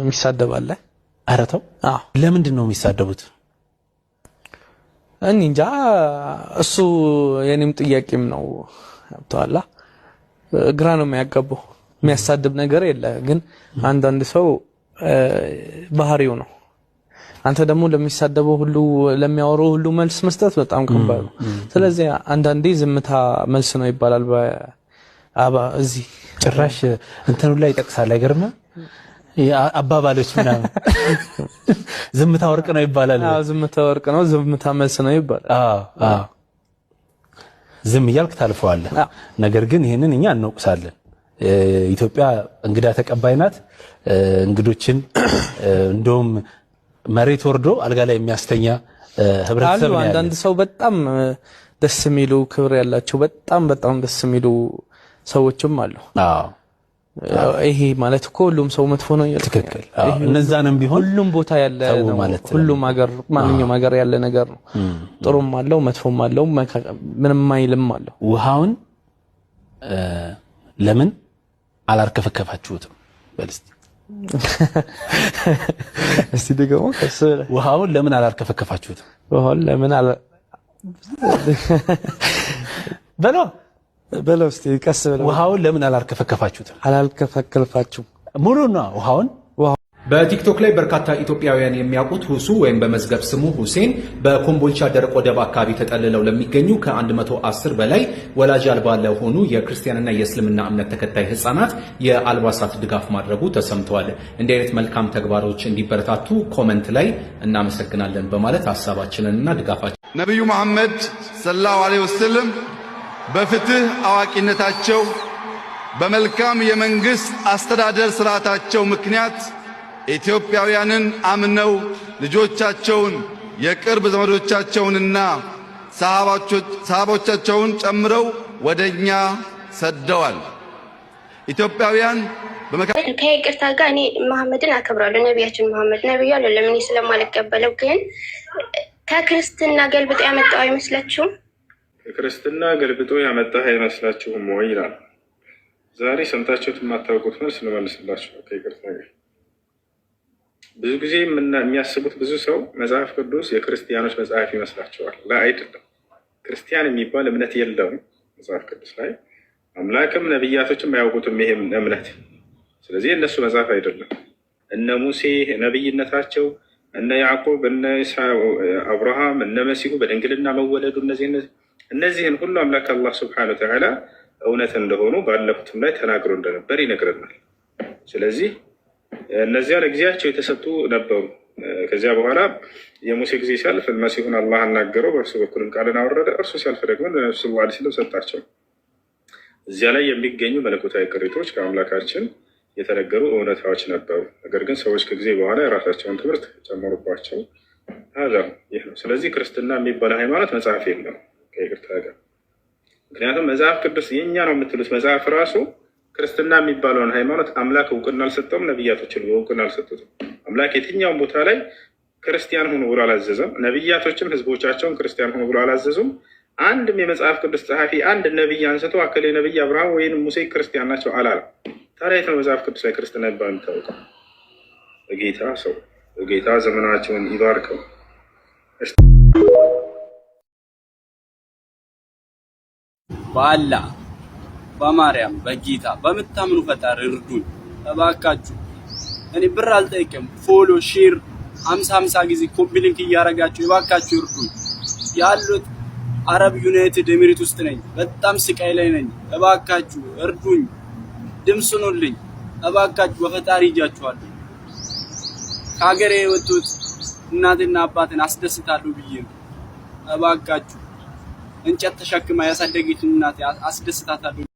የሚሳደባለ አረተው ለምንድን ነው የሚሳደቡት? እኔ እንጃ። እሱ የኔም ጥያቄም ነው። ብተዋላ ግራ ነው የሚያጋባው። የሚያሳድብ ነገር የለ። ግን አንዳንድ ሰው ባህሪው ነው። አንተ ደግሞ ለሚሳደበው ሁሉ ለሚያወራው ሁሉ መልስ መስጠት በጣም ከባድ ነው። ስለዚህ አንዳንዴ ዝምታ መልስ ነው ይባላል። በአባ እዚህ ጭራሽ እንትኑ ላይ ይጠቅሳል አይገርምም? አባባሎች ምናምን ዝምታ ወርቅ ነው ይባላል። አዎ ዝምታ ወርቅ ነው፣ ዝምታ መልስ ነው ይባላል። አዎ አዎ ዝም እያልክ ታልፈዋለህ። ነገር ግን ይህንን እኛ እናውቅሳለን። ኢትዮጵያ እንግዳ ተቀባይ ናት። እንግዶችን እንደውም መሬት ወርዶ አልጋ ላይ የሚያስተኛ ህብረተሰብ ነው። አንዳንድ ሰው በጣም ደስ የሚሉ ክብር ያላቸው በጣም በጣም ደስ የሚሉ ሰዎችም አሉ። አዎ ይሄ ማለት እኮ ሁሉም ሰው መጥፎ ነው። ትክክል። እነዛንም ቢሆን ሁሉም ቦታ ያለ ነው። ሁሉም ሀገር፣ ማንኛውም ሀገር ያለ ነገር ነው። ጥሩም አለው፣ መጥፎም አለው፣ ምንም አይልም አለው። ውሃውን ለምን አላርከፈከፋችሁትም? በል እስቲ እስቲ ደግሞ ውሃውን ለምን አላርከፈከፋችሁትም? ውሃውን ለምን አላ በለው በለው እስኪ ቀስ ብለው ውሃውን ለምን አላልከፈከፋችሁት? አላልከፈከፋችሁም ሙሉ ነው ውሃውን በቲክቶክ ላይ በርካታ ኢትዮጵያውያን የሚያውቁት ሁሱ ወይም በመዝገብ ስሙ ሁሴን በኮምቦልቻ ደረቅ ወደብ አካባቢ ተጠልለው ለሚገኙ ከ110 በላይ ወላጅ አልባ ለሆኑ የክርስቲያንና የእስልምና እምነት ተከታይ ህፃናት የአልባሳት ድጋፍ ማድረጉ ተሰምተዋል። እንዲህ አይነት መልካም ተግባሮች እንዲበረታቱ ኮመንት ላይ እናመሰግናለን በማለት ሀሳባችንንና ድጋፋችን ነቢዩ መሐመድ ሰለላሁ ዐለይሂ ወሰለም በፍትህ አዋቂነታቸው በመልካም የመንግስት አስተዳደር ስርዓታቸው ምክንያት ኢትዮጵያውያንን አምነው ልጆቻቸውን የቅርብ ዘመዶቻቸውንና ሰሃቦቻቸውን ጨምረው ወደ እኛ ሰደዋል። ኢትዮጵያውያን ከይቅርታ ጋር እኔ መሐመድን አከብራለሁ፣ ነቢያችን መሐመድ ነቢዩ አይደለም። እኔ ስለማልቀበለው ግን ከክርስትና ገልብጦ ያመጣው አይመስላችሁም? ክርስትና ገልብጦ ያመጣህ አይመስላችሁም ወይ ይላል። ዛሬ ሰምታችሁት የማታውቁት መልስ ልመልስላችሁ ከይቅርታ ጋር። ብዙ ጊዜ የሚያስቡት ብዙ ሰው መጽሐፍ ቅዱስ የክርስቲያኖች መጽሐፍ ይመስላቸዋል። ለአይደለም ክርስቲያን የሚባል እምነት የለውም መጽሐፍ ቅዱስ ላይ አምላክም ነቢያቶችም አያውቁትም ይሄ እምነት። ስለዚህ እነሱ መጽሐፍ አይደለም። እነ ሙሴ ነቢይነታቸው፣ እነ ያዕቆብ፣ እነ አብርሃም፣ እነ መሲሁ በድንግልና መወለዱ እነዚህነት እነዚህን ሁሉ አምላክ አላህ ስብሐነሁ ወተዓላ እውነት እንደሆኑ ባለፉትም ላይ ተናግሮ እንደነበር ይነግረናል። ስለዚህ እነዚያ ለጊዜያቸው የተሰጡ ነበሩ። ከዚያ በኋላ የሙሴ ጊዜ ሲያልፍ መሲሁን አላህ አናገረው፣ በእርሱ በኩልም ቃልን አወረደ። እርሱ ሲያልፍ ደግሞ ለነብዩ ሰለላሁ ዐለይሂ ሰጣቸው። እዚያ ላይ የሚገኙ መለኮታዊ ቅሪቶች ከአምላካችን የተነገሩ እውነታዎች ነበሩ። ነገር ግን ሰዎች ከጊዜ በኋላ የራሳቸውን ትምህርት ጨመሩባቸው። ይህ ነው። ስለዚህ ክርስትና የሚባለ ሃይማኖት መጽሐፍ የለም። ከይቅርታ ጋር ምክንያቱም መጽሐፍ ቅዱስ የእኛ ነው የምትሉት መጽሐፍ ራሱ ክርስትና የሚባለውን ሃይማኖት አምላክ እውቅና አልሰጠውም። ነቢያቶች እውቅና አልሰጡትም። አምላክ የትኛውን ቦታ ላይ ክርስቲያን ሆኑ ብሎ አላዘዘም። ነቢያቶችም ህዝቦቻቸውን ክርስቲያን ሆኑ ብሎ አላዘዙም። አንድም የመጽሐፍ ቅዱስ ጸሐፊ አንድ ነቢይ አንስቶ አከሌ ነቢይ አብርሃም ወይም ሙሴ ክርስቲያን ናቸው አላለም። ታዲያ የት ነው መጽሐፍ ቅዱስ ላይ ክርስትና ይባል የሚታወቀው? በጌታ ሰው በጌታ ዘመናቸውን ይባርከው። በአላህ በማርያም በጌታ በምታምኑ ፈጣሪ እርዱኝ እባካችሁ። እኔ ብር አልጠይቅም። ፎሎ ሼር አምሳ አምሳ ጊዜ ኮፒ ሊንክ እያረጋችሁ እባካችሁ እርዱኝ። ያሉት አረብ ዩናይትድ ኤሚሬት ውስጥ ነኝ። በጣም ስቃይ ላይ ነኝ። እባካችሁ እርዱኝ፣ ድምስኑልኝ እባካችሁ። በፈጣሪ እጃችኋለሁ። ከሀገሬ የወጡት እናትና አባትን አስደስታለሁ ብዬ ነው። እባካችሁ እንጨት ተሸክማ ያሳደገችን እናት አስደስታታለሁ።